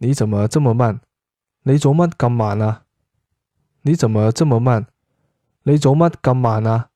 你怎麼這麼慢？你做乜咁慢啊？你怎麼這麼慢？你做乜咁慢啊？你怎麼這麼慢？